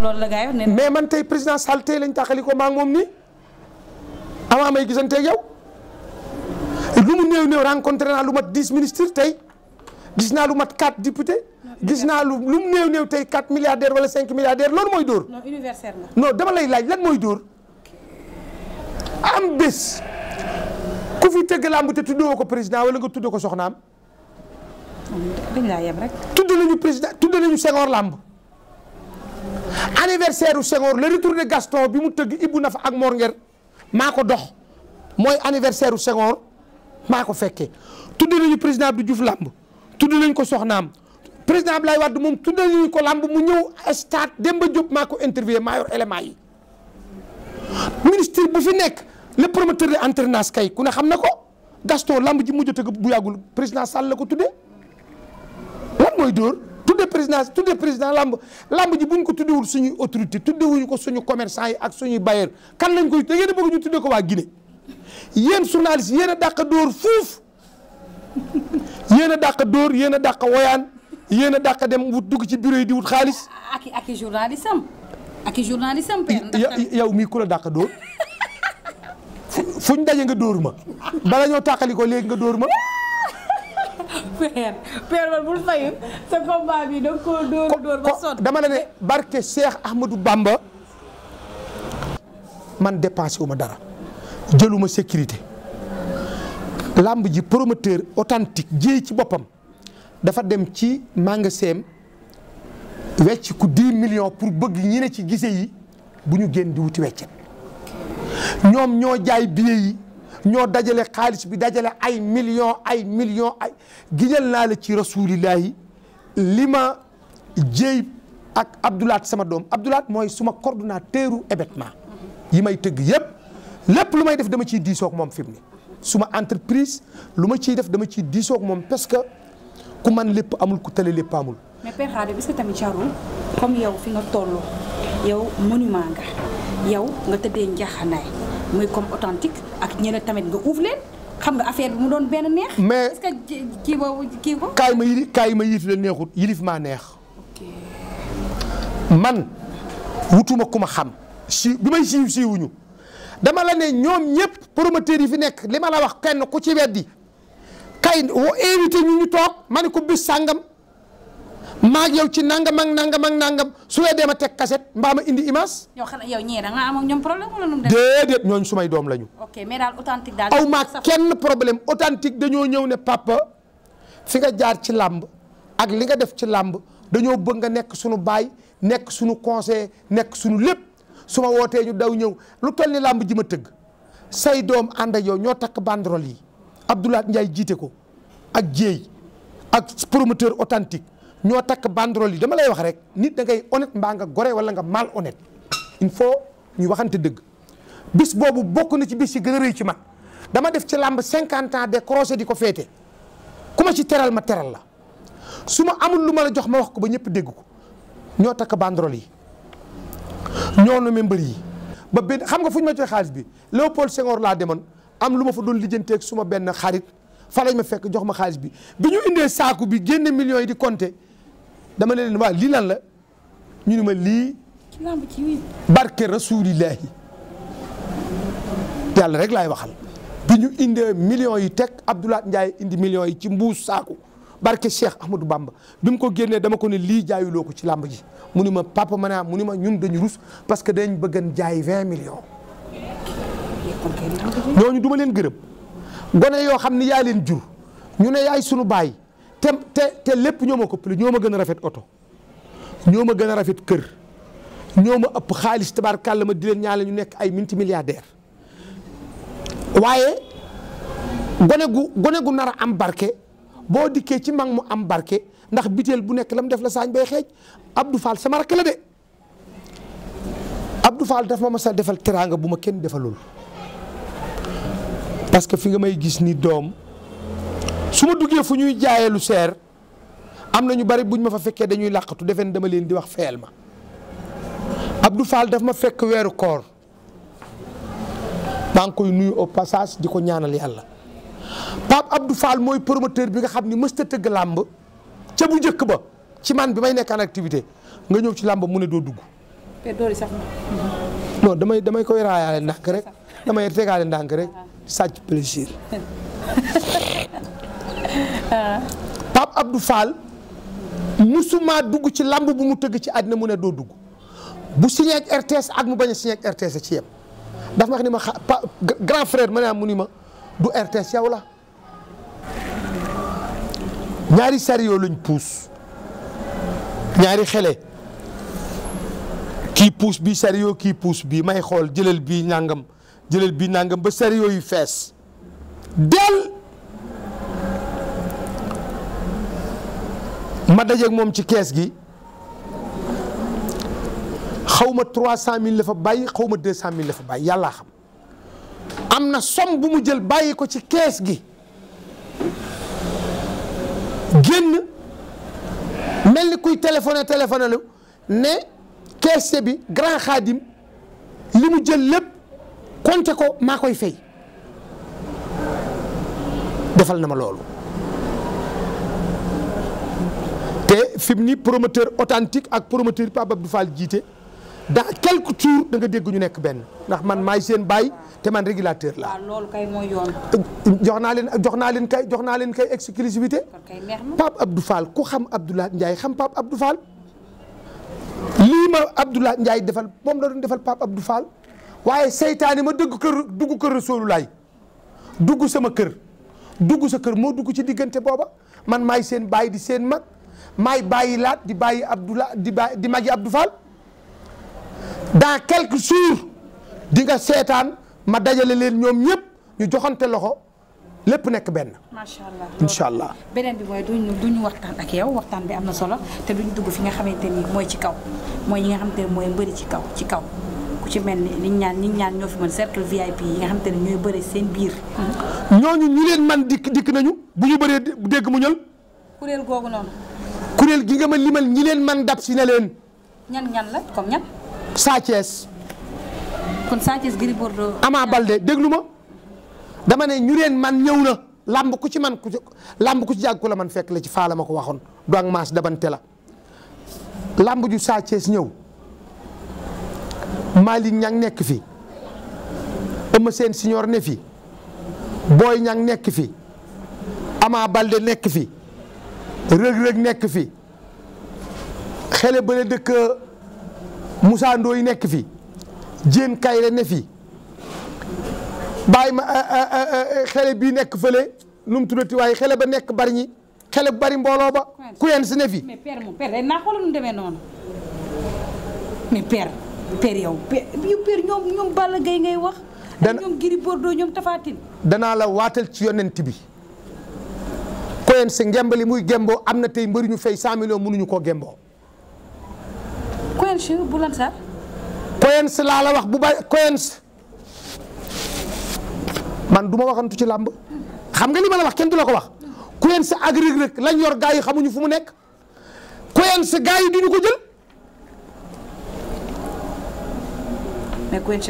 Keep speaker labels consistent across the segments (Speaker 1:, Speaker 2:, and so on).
Speaker 1: loolu la gars mais
Speaker 2: man tey président Sall tey lañ taxali ko maa moom nii avant may gisanteeg yow lu mu néew néew rencontré naa lu mat dix ministres tey gis naa lu mat quatre députés gis naa lu lu mu néew néew tey quatre milliardaires wala cinq milliardaires loolu mooy dóor. non universel la. non dama lay laaj lan mooy dóor am bés ku fi tëgg làmb te tuddoo ko président wala nga tuddoo ko soxnaa dañ laa yem rek. tudd nañu président tudd nañu Senghor làmb. anniversaire u Senghor le retour de Gaston bi mu tëgg Ibou Nafa ak Mor Nguer maa ko dox mooy anniversaire u Senghor maa ko fekkee tudd nañu président Abdou Diouf làmb tudd nañ ko soxnaam président Abdoulaye Wade moom tudd nañu ko làmb mu ñëw stade Demba Diop maa ko interviewé maa yor élément yi ministre bu fi nekk le promoteur de l'alternance kay ku ne xam ne ko Gaston làmb ji mujj a tëgg bu yàggul président Sall ko tuddee lan mooy dóor tudde président tudde président lamb lamb ji buñ ko tuddewul suñu autorité tuddewuñu ko suñu commerçant yi ak suñuy bailleur kan lañu koy da ngeen a ñu tudde ko waa Guinée yéen journaliste yéen a dàq dóor fuuf yéen a dàq dóor yéen a dàq woyaan yéen a dàq dem wut dugg ci bureau yi di wut xaalis. ak i ak i journaliste am yow mii ku la dàq dóor fuñ daje nga dóor ma bala ñoo ko léegi nga dóor ma. père père man bul fayu sa combat bi da ko dóor ba sot dama la ne barke Cheikh Ahmadou bàmba man dépensé wu dara jëluma sécurité làmb ji promoteur authentique jéey ci boppam dafa dem ci magasin wecc ku 10 million pour bëgg ñi ne ci gise yi bu ñu génn di wuti weccet ñoom ñoo jaay billet yi ñoo dajale xaalis bi dajale ay millions ay millions ay giñal naa la ci rasulillahi li ma jéy ak Abdoulaat sama doom Abdoulaat mooy suma coordonnateuru événement yi may tëgg yëpp lépp lu may def dama ciy diisoog moom fi suma entreprise lu ma ciy def dama ciy diisoog moom parce que ku man lépp amul ku tële lépp amul.
Speaker 1: mais Père Khady est-ce tamit jarul comme yow fi nga toll yow monument nga yow nga tëddee njaxanaay muy comme authentique ak ñeneen tamit nga uuf leen xam nga affaire bi mu doon benn neex. mais est kii boobu kii boobu.
Speaker 2: kaay ma yili kaay ma la neexut yilif maa neex. man wutuma ku ma xam. si bi may siiw siiwuñu dama la ne ñoom ñëpp promoteurs yi fi nekk li ma la wax kenn ku ci weddi kay wo invité ñu ñu toog ma ne ko bis sàngam maag yow ci nangam ak nangam ak nangam su la dem a teg kaset mbaam ma indi image.
Speaker 1: yow xanaa yow ñoom problème wala nu
Speaker 2: mu sumay doom lañu.
Speaker 1: ok mais daal authentique daal. aw ma kenn
Speaker 2: problème authentique dañoo ñëw ne papa fi nga jaar ci làmb ak li nga def ci làmb dañoo bëgg nga nekk suñu baay nekk suñu conseil nekk suñu lépp su ma wootee ñu daw ñëw lu toll ni làmb ji ma tëgg say doom ànd ak ñoo takk banderole yi Abdoulaye Ndiaye jiite ko ak Dieye ak promoteur authentique ñoo takk banderole yi dama lay wax rek nit da ngay honnête mbaa nga gore wala nga mal honnête il faut ñu waxante dëgg bis boobu bokk na ci bis yi gën ci man dama def ci làmb cinquante ans de croisé di ko féete ku ma ci teral ma la su amul lu ma la jox ma wax ko ba ñëpp dégg ko ñoo takk banderole yi ñoo nommé mbër yi ba benn xam nga fu ñu ma jox xaalis bi Léopold Senghor laa demoon am lu ma fa doon lijjanteeg su ma benn xarit fa lañ ma fekk jox ma xaalis bi bi ñu indee saaku bi génne millions yi di compter. dama ne leen waa lii lan la ñu ne ma
Speaker 1: lii
Speaker 2: barke rasulillahi yàlla rek laay waxal pi ñu indee millions yi teg Abdoulaye njaay indi millions yi ci mbuus saaku barke Cheikh Ahmadou Bamba bi ko génnee dama ko ne lii jaayuloo ko ci làmb ji mu ma papa ma naa ah mu ni ma ñun dañu rus parce que dañ bëggan jaay vingt millions ñooñu duma leen gërëm gone yoo xam ne yaa leen jur ñu ne yaay sunu baay te te lépp ñoo ma ko plus ma gën a rafet oto ñoo ma gën a rafet kër ñooma ëpp xaalis la ma di leen ñaale ñu nekk ay minti milliardaire waaye gone gu gone gu nar a am barke boo dikkee ci mag mu am barke ndax biteel bu nekk la mu def la saañ bay xeej Abdou Fall sama rakk la de Abdou Fall daf ma mas defal teraanga bu ma kenn defalul parce que fi nga may gis ni doom su ma duggee fu ñuy jaayee lu seer am na ñu bari buñ ma fa fekkee dañuy làqatu defen dama leen di wax feyal ma Abdou Fall daf ma fekk weeru koor maa ngi koy nuyu au passage di ko ñaanal yàlla Pape Abdou Fall mooy promoteur bi nga xam ni mësta tëgg làmb ca bu njëkk ba ci man bi may nekk en nga ñëw ci làmb mu ne doo dugg. damay damay koy raayaale ndànk rek damay tegaale ndànk rek sàcc plaisir. Pape Abdou Fall musuma dugg ci lamb bu mu tëgg ci àddina mu ne doo dugg bu signé ak RTS ak mu bañ a RTS ci yem daf ma wax ni ma grand frère ma ne mu ni ma du RTS yow la ñaari sario lañ puus ñaari xele kii puus bii sario kii puus bii may xool jëlal bii nàngam jëlal bii nàngam ba sario yu fees del ma dajeeg moom ci kees gi xaw ma 300000 la fa bàyyi xaw ma 200000 la fa bàyyi yàllaa xam am na somme bu mu jël bàyyi ko ci kees gi génn mel ni kuy téléphoné téléphone lu ne kees bi grand xaadim li mu jël lépp compté ko maa koy fay defal na ma loolu. te fi ni promoteur authentique ak promoteur Pape Abdou Fall jiite dans quelques jours da nga dégg ñu nekk benn ndax man maay seen baay te man régulateur la. waaw ah, loolu kay jox naa leen jox naa leen kay jox naa leen kay exclusivité.
Speaker 1: kay neex na Pape
Speaker 2: Abdou Fall ku xam Abdoulaye Ndiaye xam Pape Abdou Fall. lii ma Abdoulaye Ndiaye defal moom la doon defal Pape Abdou Fall waaye seytaane ma dëgg kër dugg kër laay dugg sama kër dugg sa kër moo dugg ci diggante booba man maay seen baay di seen ma maay bàyyi laat di bàyyi Abdoula di bàyyi di magi Abdou Fall dans quelques jours di nga seetaan ma dajale leen ñoom ñëpp ñu joxante loxo lépp nekk benn. macha allah incha allah.
Speaker 1: beneen bi mooy du ñu waxtaan ak yow waxtaan bi am na solo te duñu dugg fi nga xamante ni mooy ci kaw mooy ñi nga xam xamante ni mooy bëri
Speaker 2: ci kaw ci kaw
Speaker 1: ku ci mel ni liñ ñaan ñi ñaan ñoo fi mën cercle VIP yi nga xamante ni ñooy bëri seen
Speaker 2: biir. ñooñu ñu leen man dikk dikk nañu bu ñu bëree dégg mu ñël.
Speaker 1: kuréel noonu.
Speaker 2: kuréel gi nga ma limal ñi leen man dab si ne leen.
Speaker 1: ñan la comme ñan.
Speaker 2: Sa Thiès. Balde déglu ma dama ne ñu leen man ñëw na làmb ku ci man ku làmb ku ci jàgg la man fekk la ci faa la ko waxoon du ak maas dabante la làmb ju Sa Thiès ñëw Malick Niang nekk fi Eumeu Sène Signor ne fi booy Niang nekk fi Ama Balde nekk fi. rëg-rëg nekk fi xele bële dëkk Moussa nekk fi Diène Kaïré ne fi bàyyi ma eh, eh, eh, xele bii nekk fële nu mu tuddati waaye xele ba nekk bari ñi xele bari mbooloo ba ku yenn si ne fi mais
Speaker 1: père moom père naa xoolal nu demee noonu mais ñoom ñoom Balla Gaye ngay wax dana ñoom Gris Bordeaux ñoom Tapha
Speaker 2: danaa la waatal ci yonent bi Quench si ngembali muy gemboo am na tey mbëri ñu fay 100 millions mënuñu koo gemboo. Quench bu lan sax. wax bu bay Quench man du waxantu ci làmb xam nga li ma la wax kenn du la ko wax Quench ak Reug Reug lañ yor gaa yi xamuñu fu mu nekk Quench gaa yi duñu ko jël. mais Quench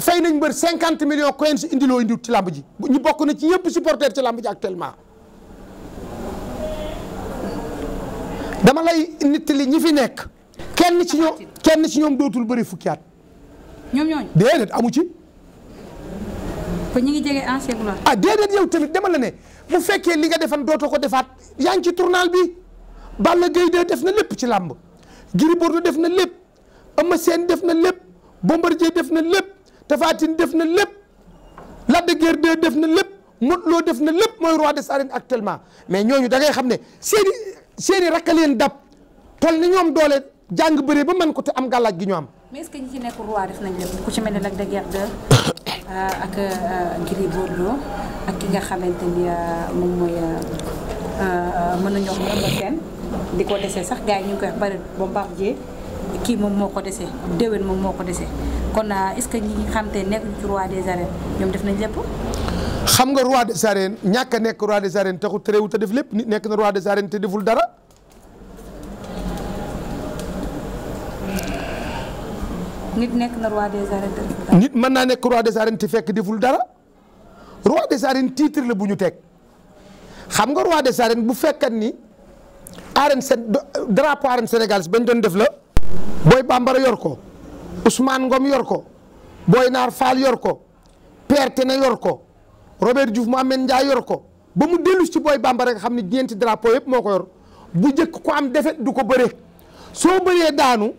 Speaker 2: fay nañ mbër cinquante millions coins indiloo indiwut ci làmb ji ñu bokk na ci yëpp supporter ci làmb ji actuellement dama lay nettali ñi fi nekk kenn ci ñoom kenn ci ñoom dootul bëri fukki at ñoom ñooñu déedéet amu ci kon ñu ngi jege ancien gloire ah déedéet tamit dama la ne bu fekkee li nga defan dooto ko defaat yaa ngi ci tournal bi Balla Gaye de def na lépp ci làmb Gris Bordeaux def na lépp Eumeu seen def na lépp Bombardier def na lépp Tapha Tine def na lépp Lac de def na lépp Modou Lo def na lépp mooy roi des arènes actuellement mais ñooñu da ngay xam ne seeni seeni rakkaleen dab toll ni ñoom doole jàng bare ba mën ko te am gàllaaj gi ñu am.
Speaker 1: mais est-ce que ñi ci nekk roi def nañ lépp ku ci mel ne Lac de Guiers 2 euh, ak euh, Gris Bordeaux ak ki nga xamante ni euh, moom mooy mën nañoo wax di ko dese sax gars yi ñu ngi koy wax bëri kii moom moo ko dese déwén moom moo ko dese kon ah, est-ce que ñi nga xam te nekk ci roi des arènes ñoom def nañ lépp.
Speaker 2: xam nga roi des arènes ñàkk a nekk roi des arènes taxu lépp nit nekk na roi des arènes te na roi nit mën naa nekk roi des arènes te fekk deful dara roi la bu ñu teg xam nga roi des arènes bu fekkat ni arène sen drapeau arène sénégal bañ doon def la. booy bambara yor ko Ousmane Ngom yor ko booy naar Fall yor ko Pierre Tene yor ko Robert Diouf Mohamed Ndiaye yor ko ba mu dellu ci booy bambara nga xam ne ñeenti drapeau yëpp moo ko yor bu njëkk ko am defet du ko bëree soo bëree daanu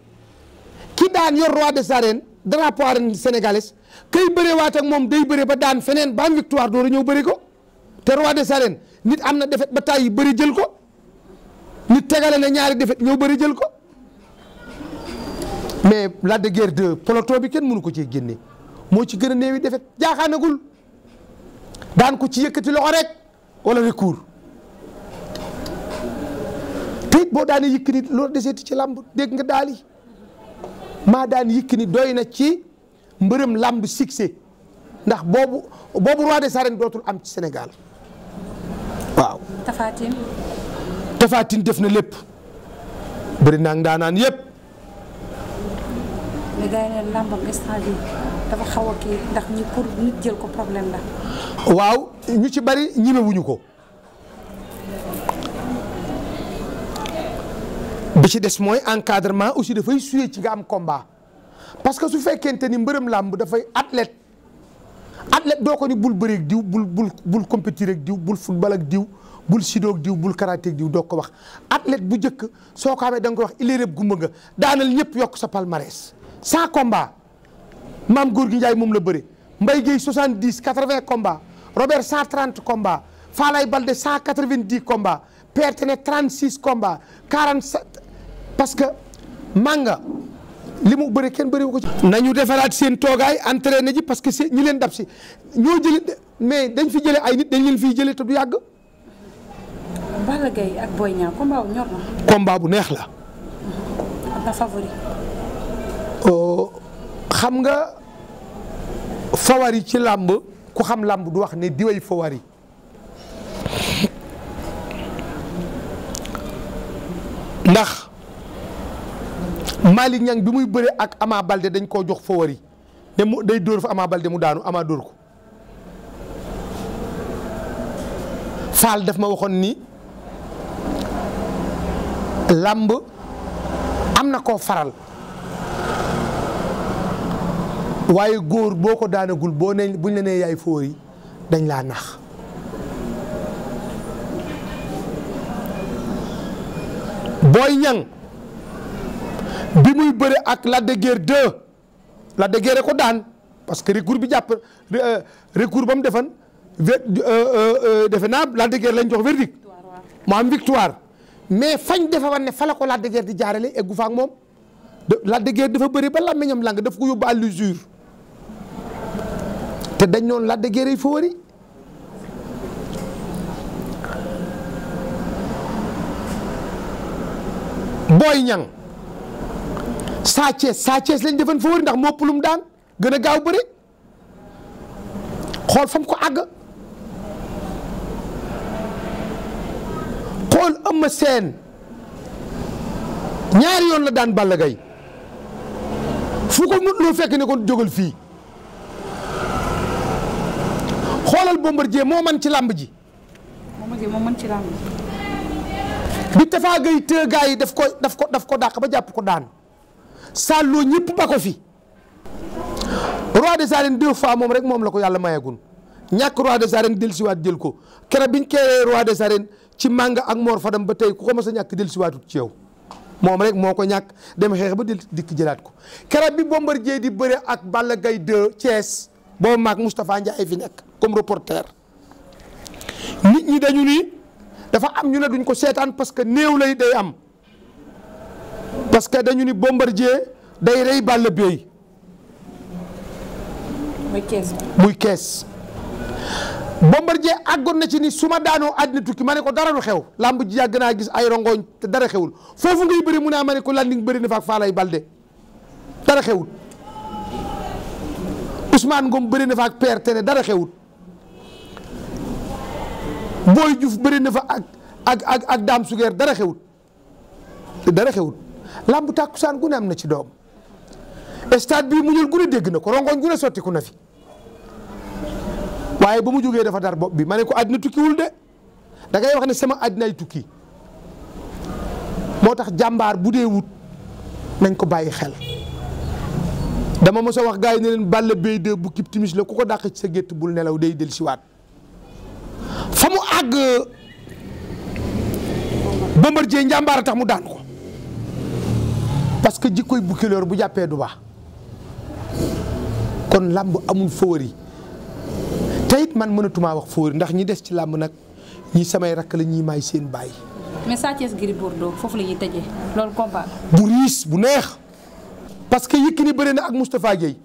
Speaker 2: ki daan yor roi de arènes drapeau arène sénégalaise kay bëree waat ak moom day bëree ba daan feneen ba am victoire door a ñëw bëri ko te roi des arènes nit am na defet ba taay yi bëri jël ko nit tegale na ñaari defet ñëw bëri jël ko. mais Lac de Guiers 2 peloton bi kenn mënu ko cee génne moo ci gën a néewi defet jaaxaanagul daan ko ci yëkkati loxo rek walla recours te it boo daanee Yékini loolu deseeti ci làmb dégg nga daali maa daan Yékini doy na ci mbërëm làmb succès ndax boobu boobu roi des arènes dootul am ci Sénégal waaw. Tapha Tine. def na lépp bëri naa daanaan yépp
Speaker 1: mais gars yi làmbam instant dafa xaw kii ndax ñi pour nit jël ko problème la.
Speaker 2: waaw ñu ci bari ñimewuñu ko. bi ci des mooy encadrement aussi dafay suyee ci nga am combat parce que su fekkente ni mbërëm làmb dafay athlète athlète doo ko ni bul bëri ak diw bul bul bul compétir ak diw bul football ak diw bul sido ak diw bul karaté ak diw doo ko wax athlète bu njëkk soo ko amee da nga ko wax iléereb gumba nga daanal ñëpp yokk sa palmarès cent combat maam góor gi Ndiaye moom la bëre Mbaye Guèye soixante dix quatre vingt combat Robert cent trente combat Falaye Balde cent quatre vingt dix combat Père Tene trente six combat parce que Manga li mu bëri kenn bëriwu ko ci. nañu defaraat seen toogaay entraîné ji parce que ñu leen dab si ñoo jëli mais dañ fi jëlee ay nit dañ leen fiy jëlee te du yàgg. Balla Gaye ak Boy Niang combat bu ñor na. combat bu neex la. xam nga fawari ci làmb ku xam làmb du wax ne diway fawari ndax Malick Niang bi muy bëre ak Ama Balde dañ koo jox fawari ne mu day dóor fa Ama Balde mu daanu Ama dóor ko Fall daf ma waxoon ni làmb am na koo faral waaye góor boo ko daanagul boo ne buñ la nee yaay fooy dañ laa nax booy ñang bi muy bëre ak Lac de Guiers 2 Lac ko daan parce que recours bi jàpp euh, recours ba mu defan euh, euh, defe naa Lac de lañ jox verdict mu am victoire mais fañ defe wan ne fa la ko Lac de Guiers di jaarale eggu faak moom Lac de Guiers dafa bëri ba làmmiñam lang daf ko yóbbu à l'usure te dañ noon Lac de Guiers favori Boy Niang Sa Thiès Sa Thiès lañ defoon favori ndax mopp lum daan gën a gaaw bëri xool fam ko àgg xool Eumeu seen ñaari yoon la daan Balla gay fu ko mut loo fekk ne ko jógal fii xoolal Bombardier moo ji. moo man ci làmb ji. bi Tafa Gueye tee gars yi daf ko daf ko daf ko dàq ba jàpp ko daan sàlloo ñëpp ba ko fi. roi des arènes deux fois moom rek moom la ko yàlla mayeegun ñàkk roi des arènes dellusiwaat jël ko keroog biñ keeree roi des arènes ci màng ak Mor Fadam ba tey ku ko ma a ñàkk dellusiwaatut ci yow moom rek moo ko ñàkk dem xeex ba del dikk jëlaat ko keroog bi Bombardier di bëre ak Balla Gaye 2 Thiès boobu maag Moustapha Ndiaye fi nekk comme reporter nit ñi dañu nii dafa am ñu ne duñ ko seetaan parce que néew lay day am parce que dañu ni Bombardier day rey Balla Bèye muy kees muy kees Bombardier àggoon na ci ni su ma daanoo àddina tukki ma ne ko dara du xew làmb ji yàgg naa gis ay rongoñ te dara xewul foofu ngay bëri mu ne ma ne ko landing bëri na fa ak Falaye Balde dara xewul Ousmane Ngom bëri na fa ak perte ne dara xewut Boy Diouf bëri na fa ak ak ak ak Dame Suger dara xewut dara xewut làmb tàkkusaan gu ne am na ci doom stade bii mu ñul gu dégg na ko rongoñ gu sotti ku na fi waaye ba mu jógee dafa dar bopp bi ma ne ko àddina tukkiwul de da ngay wax ne sama àddinaay tukki moo tax jàmbaar bu dee wut nañ ko bàyyi xel dama mos a wax gaa yi ne leen Balla Beye de bu timis la ku ko dàq ci sa gétt bul nelaw day del siwaat fa mu àgg Bombardier njàmbaar a tax mu daan ko parce que jikkoy bukkiloor bu jàppee du baax kon làmb amul favori te it man mënatumaa wax favori ndax ñi des ci làmb nag ñi samay rakk la ñuy may seen bàyyi.
Speaker 1: mais Sa Thiès Gris bu
Speaker 2: riis bu neex. parce que Yékini bëri na ak Moustapha Guèye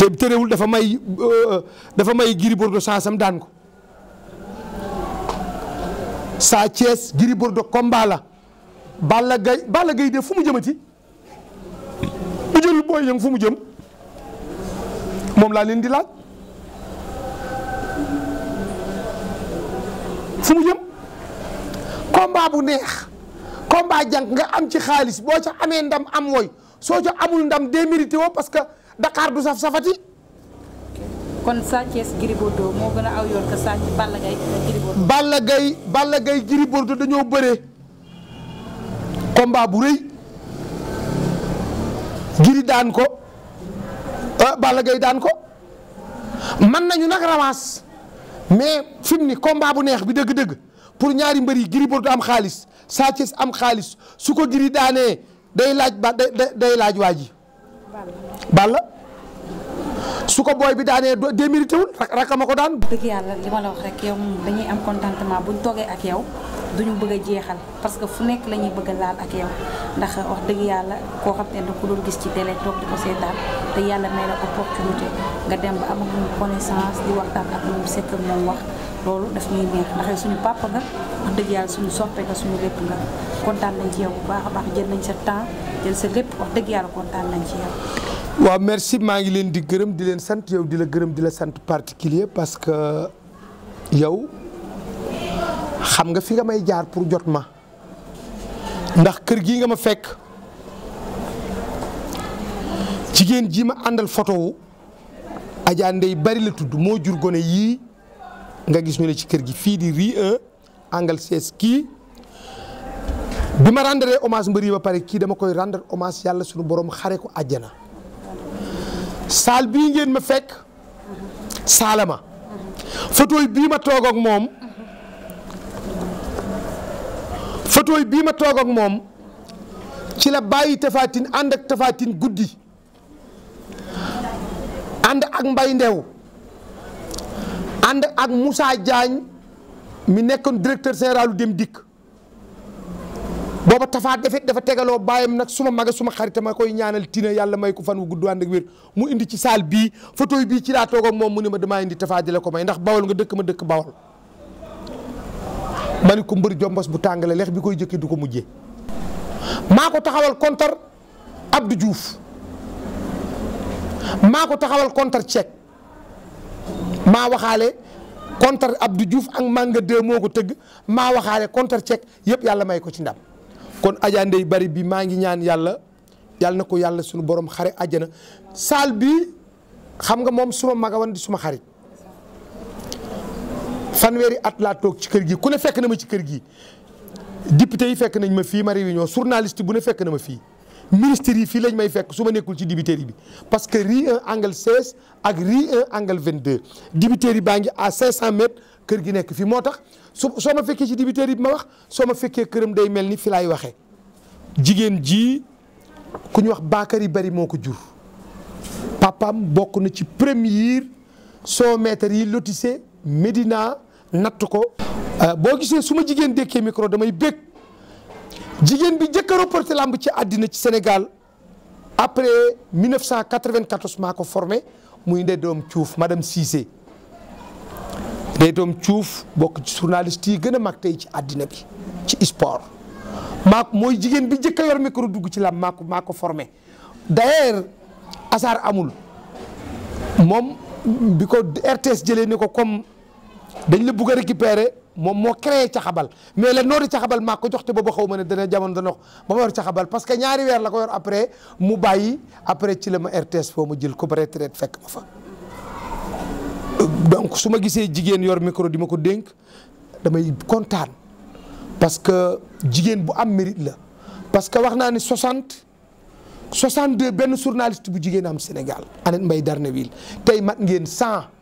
Speaker 2: te terewul dafa may euh, dafa may Gris Bordeaux sansam daan ko Sa Thiès Gris Bordeaux combat la Balla Gaye Balla Gaye de fu mu jëmati bu jël booy yëng fu mu jëm moom laa leen di laaj fu mu jëm combat bu neex combat jànk nga am ci xaalis boo ca amee ndam am woy soo ca amul ndam démérité woo parce que Dakar du saf safati. kon Sa Thiès Gris Bordeaux dañoo bëree combat bu rëy Gris daan ko ah daan ko mën nañu nag ramas mais fi ni combat bu neex bi dëgg-dëgg. pour ñaari mbër yi Gris Bordeaux am xaalis Sa Thiès am xaalis su ko Gris daanee day laaj ba day laaj waa ji Balla su ko booy bi daanee démérité wul rakk ma ko daan. dëgg
Speaker 1: yàlla li ma la wax rek yow dañuy am contentement ñu toogee ak yow duñu bëgg a jeexal parce que fu nekk la ñuy bëgg a laal ak yow ndax wax dëgg yàlla koo xam ne da ko doon gis ci télé toog di ko seetaan te yàlla may la opportunité nga dem ba am ak moom connaissance di waxtaan ak loolu daf ñuy neex ndax suñu papa nga dëgg yàlla suñu soppe nga suñu lépp nga kontaan nañ ci yow bu baax a baax jël nañ sa temps jël sa lépp wax dëgg yàlla kontaan nañ ci yow.
Speaker 2: waaw merci maa ngi leen di gërëm di leen sant yow di la gërëm di la sant particulier parce que yow xam nga fi nga may jaar pour jot ma ndax kër gii nga ma fekk jigéen ji ma àndal photo wu Adja bari la tudd moo jur gone yii. nga gis ñu ne ci kër gi fii di ri 1 angle kii bi ma rendre hommage mbër yi ba pare kii dama koy rendre hommage yàlla sunu borom xare ko ajjana saal bii ngeen ma fekk saalama fauteuil bii ma toog ak moom fauteuil bii ma toog ak moom ci la bàyyi tafaatin ànd ak tafaatin guddi ànd ak mbay ndew ànd ak Moussa Diagne mi nekkoon directeur général dem dikk booba tafaa defet dafa tegaloo bàyyam nag suma maga suma xaritam ma koy ñaanal tina yàlla may ko fan wu gudd ànd ak wér mu indi ci saal bii photo bii ci laa toog ak moom mu ne ma damaa indi tafaa di la ko may ndax bawal nga dëkk ma dëkk bawal ma ni ko mbër jombos bu tàngale lex bi koy jëkkee du ko mujjee maa ko taxawal kontar Abdou Diouf maa ko taxawal kontar Cheikh maa waxaale contre Abdou Diouf ak Manga 2 moo ko tëgg maa waxaale contre Cek yëpp yàlla may ko ci ndam kon Adja Ndeye Bari bi maa ngi ñaan yàlla yàlla na ko yàlla suñu borom xare àjjana saal bi xam nga moom suma magawandi suma xarit fanweeri at laa toog ci kër gi ku ne fekk na ma ci kër gi député yi fekk nañ ma fii ma réunion journaliste bu ne fekk na ma fii ministère yi fii lañ may fekk su ma nekkul ci dibiterie bi parce que rue 1 angle 16 ak rue 1 angle 22 baa ngi à 500 mètres kër gi nekk fii moo tax su soo ma fekkee ci dibiterie bi ma wax soo ma fekkee këram day mel ni fi laay waxe jigéen ji ku ñu wax yi Bari moo ko jur papaam bokk na ci premier soo mètres yi lotissé Médina natt ko. Euh, boo gisee su ma jigéen dekkee micro damay bëgg. jigéen bi jëkk a remporté làmb ci àddina ci Sénégal après 1994 maa ko formé muy Ndeye cuuf Diouf madame Cissé day Dom Diouf bokk ci journaliste yi gën a mag tey ci àddina bi ci sport maa mooy jigéen bi jëkk a yor micro dugg ci làmb maa ko maa ko formé d'ailleurs amul moom bi ko RTS jëlee ne ko comme dañ la bugg a moom moo ca xabal mais la ca caxabal maa ko jox te boobu xaw ma ne dana jamono dana ba ma yor caxabal parce que ñaari weer la ko yor après mu bàyyi après ci la ma RTS foo ma jël ko ba retraite fekk ma su ma gisee jigéen yor micro di ma ko dénk damay kontaan parce que jigéen bu am mérite la parce que wax naa ne 60 62 benn journaliste bu jigéen am Sénégal Annette Mbaye Darneville tey mat ngeen 100.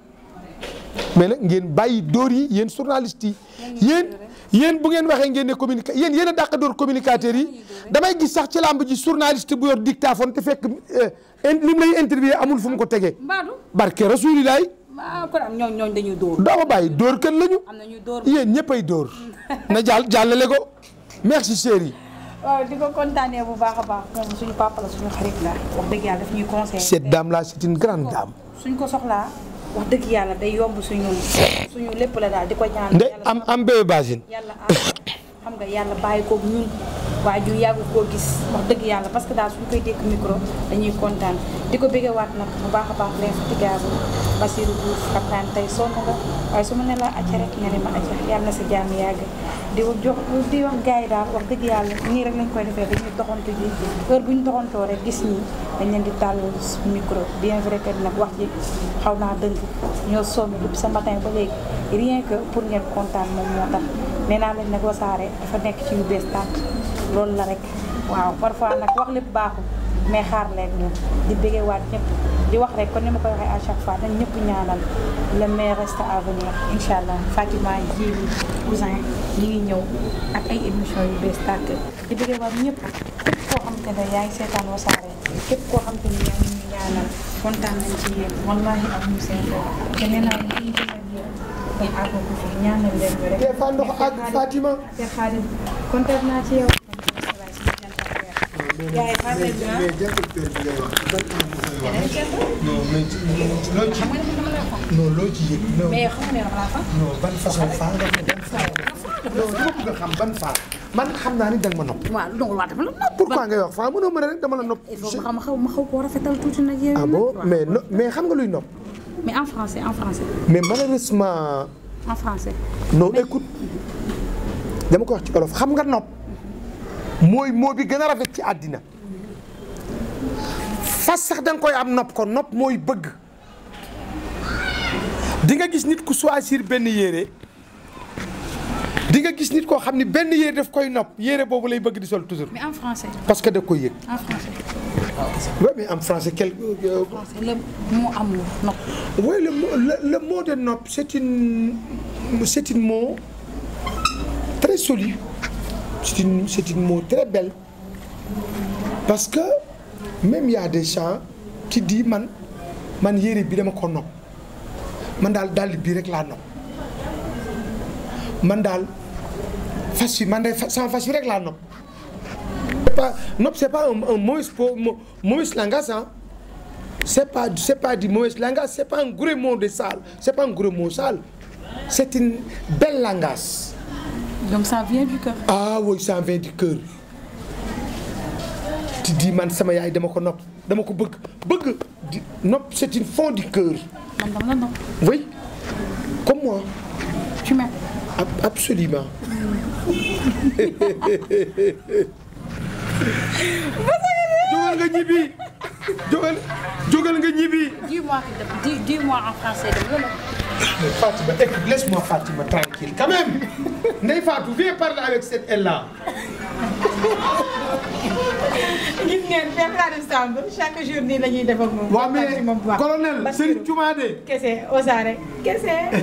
Speaker 2: mais nag ngeen bàyyi door yi yéen journaliste yi yéen yéen bu ngeen waxee ngeen ne communica yéen yéen a dàq dóor yi damay gis sax ci làmb ji journaliste bu yor dictaphone te fekk euh, li mu lay interviewé amul fu mu ko tegee
Speaker 1: barke rasulilaay ah, kon am ñooñu ñooñu dañuy dóor doo ma bàyyi door kan lañu am nañu door yéen
Speaker 2: ñëppay dóor na jàll jàllale ko merci chérie
Speaker 1: waaw di ko kontaanee bu baax a baax moom suñu papa la suñu xarit
Speaker 2: la
Speaker 1: suñ ko soxlaa wax dëgg yàlla day yomb suñu suñu lépp daal di ko ñaan. am am xam nga yàlla bàyyi koog ñun waajur yàggu koo gis wax dëgg yàlla parce que daal suñu koy dégg micro dañuy kontaan di ko bégewaat nag bu baax a baax lees tigaabu Basiru Diouf kaptaan tey sonn waaye su ma ne la acca rek nga ne ma na sa jàmm yàgg di jox di wax gars yi daal wax dëgg yàlla nii rek lañ koy defee dañuy doxantu ji heure bu ñu rek gis ñi dañ leen di tàllal micro bien vrai que nag wax ji xaw naa dëng ñoo sonn depuis ce ba léegi pour ngeen kontaan moom moo tax nee naa leen nag wasaare dafa nekk ci yu bees tàkk loolu la rek waaw parfois nag wax lépp baaxul mais xaar leen ñun di bëggee waat ñëpp di wax rek kon ni ma koy waxee à chaque fois dañ ñëpp ñaanal le mais reste à venir incha allah Fatima Djily Cousin ñi ngi ñëw ak ay émission yu bees tàkk di bëggee waat ñëpp képp koo xam te ne yaa ngi seetaan wasaare képp koo xam te ne yaa ñaanal kontaan nañ ci yéen wallaahi ak ñu seen te nee naa te
Speaker 2: fa ndox ak Fatima. kontaan loo ci yëg. mais non ban façon faa nga bëgg a xam ban faa. man xam naa ni danga ma nopp. waaw donc ngay wax faa mën a rek dama la ma xaw ma xaw koo rafetal ah bon mais mais xam nga luy nopp.
Speaker 1: Mais en français, en français.
Speaker 2: Mais malheureusement. En français. Non, mais... écoute. dama koy wax ci olof xam nga nopp mooy moo bi gën a rafet ci àddina fas sax da nga koy am nopp ko nopp mooy bëgg di nga gis nit ku choisir benn yére di nga gis nit koo xam ni benn yére daf koy nopp yére boobu lay bëgg di sol toujours. mais en français. parce que da koy yëg. Oui, mais am français, quel... Euh, le mot amour, non. Oui, le, le, de nop, c'est une, c'est une mot très solide. C'est belle. Parce que même il y a des gens qui disent, man, man yére bi dama ko nop. Man dal dal bi rek laa nop. Man dal fas man day sama fas rek laa nop. pas, non, c'est pas un, un mauvais, mauvais langage, hein. C'est pas, c'est pas du mauvais langage, c'est pas un gros de sale, c'est pas un gros mot sale. C'est une belle langage. Donc ça ah man sama yaay dama ko nopp dama ko bëgg bëgg di nopp c'est une fond du cœur.
Speaker 1: man comme moi.
Speaker 2: jógal nga ñibbi jógal jógal nga ñibbi. dis-moi dis-moi en français de loolu. Fatima écoute laisse-moi Fatima tranquille quand même Ndeye Fatou viens avec cette elle-là.
Speaker 1: gis ngeen Père chaque jour nii la ñuy def ak moom. waaw mais colonel Serigne kese Osaare kese.